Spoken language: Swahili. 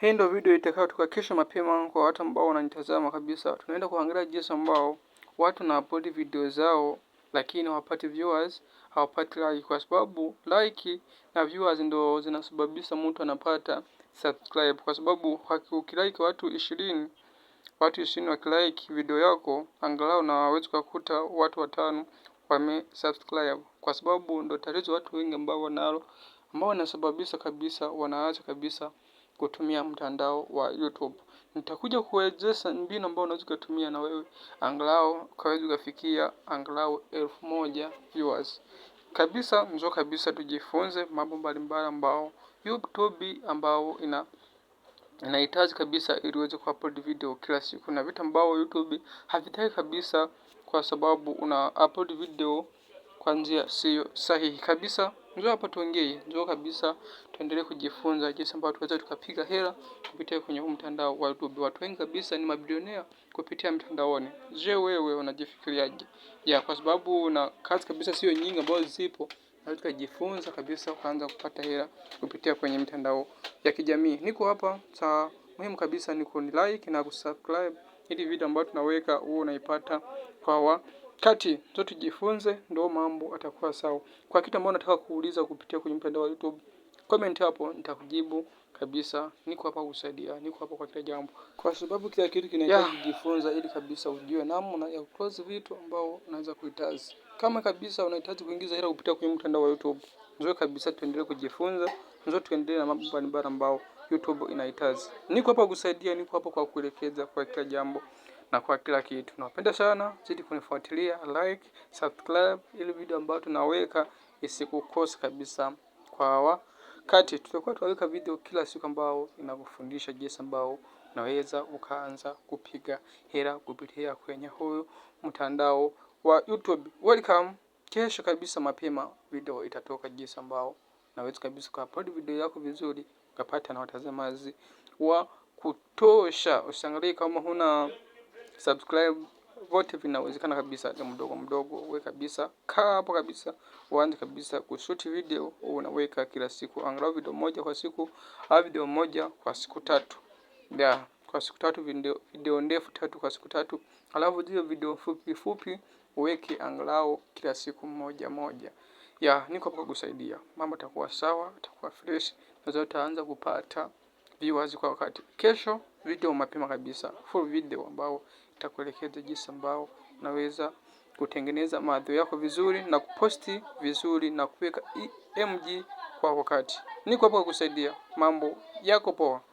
Hii ndio video itakayo toka kesho mapema kwa watu ambao wananitazama kabisa. Tunaenda kuangalia jinsi ambao watu na upload video zao lakini hawapati viewers, hawapati like kwa sababu like na viewers ndio zinasababisha mtu anapata subscribe kwa sababu ukilike watu ishirini watu ishirini wakilike video yako angalau na wawezi kukuta watu watano wame subscribe kwa sababu ndo tatizo watu wengi ambao wanalo ambao wanasababisha kabisa wanaacha kabisa kutumia mtandao wa YouTube. Nitakuja kuwezesha mbinu ambayo unaweza ukatumia na wewe angalau ukaweza ukafikia angalau elfu moja viewers. Kabisa mzo kabisa tujifunze mambo mbalimbali ambao YouTube ambao ina inahitaji kabisa ili uweze kuupload video kila siku. Na vitu ambao YouTube havitaki kabisa kwa sababu una upload video kwa njia siyo sahihi kabisa. Njoo hapa tuongee, njoo kabisa tuendelee kujifunza jinsi ambavyo tunaweza tukapiga hela kupitia kwenye huu mtandao wa YouTube. Watu wengi kabisa ni mabilionea kupitia mtandaoni. Je, wewe unajifikiriaje? Ya, kwa sababu na kazi kabisa sio nyingi ambazo zipo tukajifunza kabisa ukaanza kupata hela kupitia kwenye mitandao ya kijamii. Niko hapa sa muhimu kabisa ni ku like na kusubscribe ili video ambayo tunaweka huo unaipata kwa wa kati ndio tujifunze, ndio mambo atakuwa sawa. Kwa kitu ambacho nataka kuuliza kupitia kwenye mtandao wa YouTube, comment hapo, nitakujibu kabisa. Niko hapa kusaidia, niko hapa kwa kila jambo, kwa sababu kila kitu kinahitaji yeah, kujifunza, ili kabisa ujue namna ya close vitu ambao unaweza kuhitaji. Kama kabisa unahitaji kuingiza hela kupitia kwenye mtandao wa YouTube, nzuri kabisa, tuendelee kujifunza, nzuri, tuendelee na mambo mbalimbali ambao YouTube inahitaji. Niko hapa kusaidia, niko hapa kwa kuelekeza kwa kila jambo na kwa kila kitu. Nawapenda sana, zidi kunifuatilia, like, subscribe ili video ambayo tunaweka isikukose kabisa. Kwa wakati tutakuwa tunaweka video kila siku ambao inakufundisha jinsi ambao unaweza ukaanza kupiga hela kupitia kwenye huyu mtandao wa YouTube. Welcome. Kesho kabisa mapema video itatoka jinsi ambao unaweza kabisa kuupload video yako vizuri ukapata na watazamaji wa kutosha. Usiangalie kama huna subscribe, vote vinawezekana kabisa, ni mdogo mdogo, we kabisa, kaa hapo kabisa, uanze kabisa kushuti video, unaweka kila siku angalau video moja kwa siku au video moja kwa siku tatu yeah kwa siku tatu video, video ndefu tatu kwa siku tatu, alafu hizo video fupi fupi uweke angalau kila siku moja moja. Ya, niko hapo kukusaidia, mambo atakuwa sawa, atakuwa fresh, nazo utaanza kupata viewers kwa wakati. Kesho video mapema kabisa, full video ambao itakuelekeza jinsi ambao unaweza kutengeneza maudhui yako vizuri na kuposti vizuri na kuweka e MG kwa wakati. Niko hapa kukusaidia, mambo yako poa.